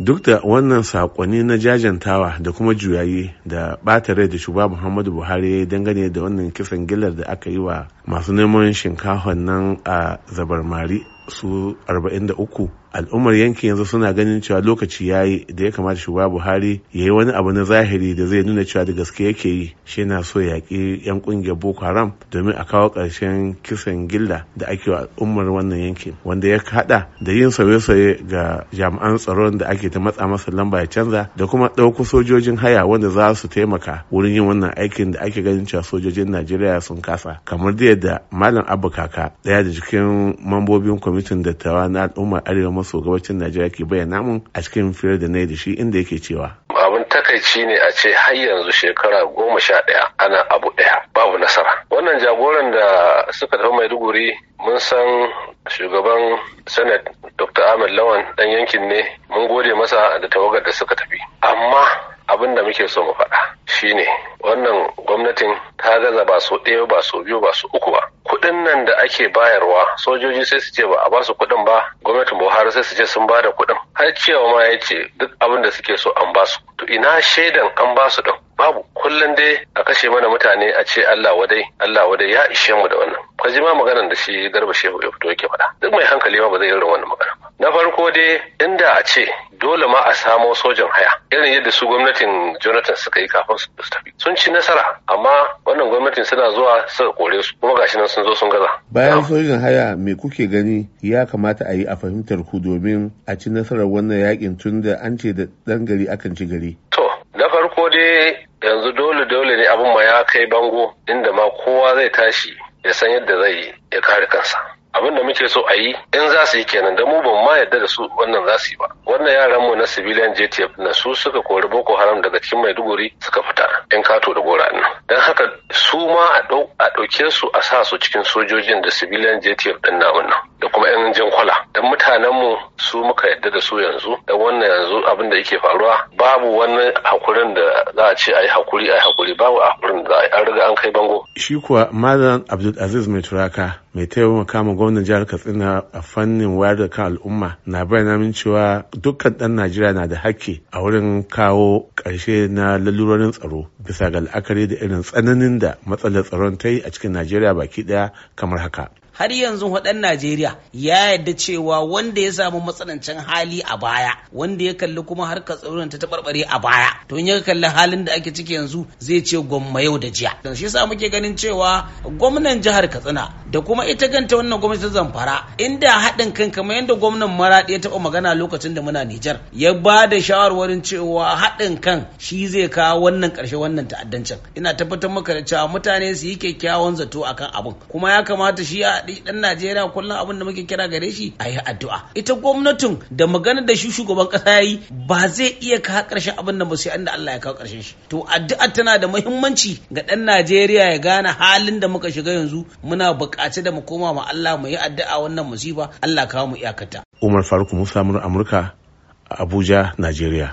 duk da wannan sakonni na jajantawa da kuma juyayi da bata rai da shugaba muhammadu buhari ya yi dangane da wannan kisan gilar da aka yi wa masu neman shinkafa nan a zabarmari su 43 al'ummar yankin yanzu suna ganin cewa lokaci ya yi da ya kamata shugaba buhari ya yi wani abu na zahiri da zai nuna cewa da gaske yake yi shi na so yaƙi 'yan ƙungiyar boko haram domin a kawo ƙarshen kisan gilla da ake wa al'ummar wannan yankin wanda ya haɗa da yin sauye-sauye ga jami'an tsaron da ake ta matsa masa lamba ya canza da kuma ɗauko sojojin haya wanda za su taimaka wurin yin wannan aikin da ake ganin cewa sojojin najeriya sun kasa kamar da yadda malam abu kaka ɗaya da cikin mambobin kwamitin dattawa na al'ummar arewa maso gabacin najeriya ke bayyana mun a cikin fiyar da na da shi inda yake cewa abin takaici ne a ce har yanzu shekara goma sha ɗaya ana abu ɗaya babu nasara wannan jagoran da suka tafi maiduguri mun san shugaban senate dr ahmed lawan ɗan yankin ne mun gode masa da tawagar da suka tafi amma abin da muke so mu faɗa shine wannan gwamnatin ta gaza ba so ɗaya ba so biyu ba so uku ba kuɗin nan da ake bayarwa sojoji sai su ce ba a ba su kuɗin ba gwamnatin buhari sai su ce sun ba da kuɗin har cewa ma ya ce duk abin da suke so an ba su to ina shaidan an ba su ɗin babu kullum dai a kashe mana mutane a ce Allah wadai Allah wadai ya ishe mu da wannan ka ji ma maganar da shi garba shehu ya fito yake faɗa duk mai hankali ma ba zai irin wannan magana ba na farko dai inda a ce dole ma a samo sojan haya irin yadda su gwamnatin jonathan suka yi kafin su tafi sun ci nasara amma wannan gwamnatin suna zuwa su kore su kuma gashi nan sun zo sun gaza bayan sojan haya me kuke gani ya kamata a yi a fahimtar ku domin a ci nasarar wannan yakin tun da an ce da dan gari akan ci gari to na farko dai yanzu dole dole ne abin ma ya kai bango inda ma kowa zai tashi ya san yadda zai ya kare kansa abin da muke so a yi in za su yi kenan da mu ban ma yarda da su wannan za su yi ba wannan yaran mu na civilian JTF na su suka kori Boko Haram daga cikin Maiduguri suka fita yan kato da gora nan dan haka su ma a ɗauke su a sa su cikin sojojin da civilian JTF din namun nan da kuma 'yan jan kwala don mutanenmu su muka yadda da su yanzu da wannan yanzu abin da yake faruwa babu wani hakurin da za a ce a yi hakuri a yi hakuri babu hakurin da an riga an kai bango. shi kuwa malam aziz mai turaka mai taimaka ma gwamnan jihar katsina a fannin wayar da kan al'umma na bayyana min cewa dukkan ɗan najeriya na da hakki a wurin kawo ƙarshe na lalurorin tsaro bisa ga la'akari da irin tsananin da matsalar tsaron ta yi a cikin najeriya baki ɗaya kamar haka. har yanzu hudan Najeriya ya yadda cewa wanda ya samu matsanancin hali a baya wanda ya kalli kuma harkar tsaron ta tabarbare a baya to in ya kalli halin da ake ciki yanzu zai ce gwamma yau da jiya dan shi yasa muke ganin cewa gwamnan jihar Katsina da kuma ita kanta wannan gwamnati zamfara inda haɗin kan kamar yadda gwamnan maraɗi ya taɓa magana lokacin da muna Nijar ya ba da shawarwarin cewa haɗin kan shi zai kawo wannan ƙarshe wannan ta'addancin ina tabbatar maka da cewa mutane su yi kyakkyawan zato akan abin kuma ya kamata shi a ɗan Najeriya kullum abin da muke kira gare shi a yi addu'a ita gwamnatin da magana da shi shugaban ƙasa yi ba zai iya kawo ƙarshen abin da ba sai an da Allah ya kawo ƙarshen shi to addu'a tana da muhimmanci ga ɗan Najeriya ya gane halin da muka shiga yanzu muna buƙatar ce da mu koma ma Allah mu yi addu'a wannan musiba Allah kawo mu iyakata Umar Faruk Musa Amurka a Abuja Najeriya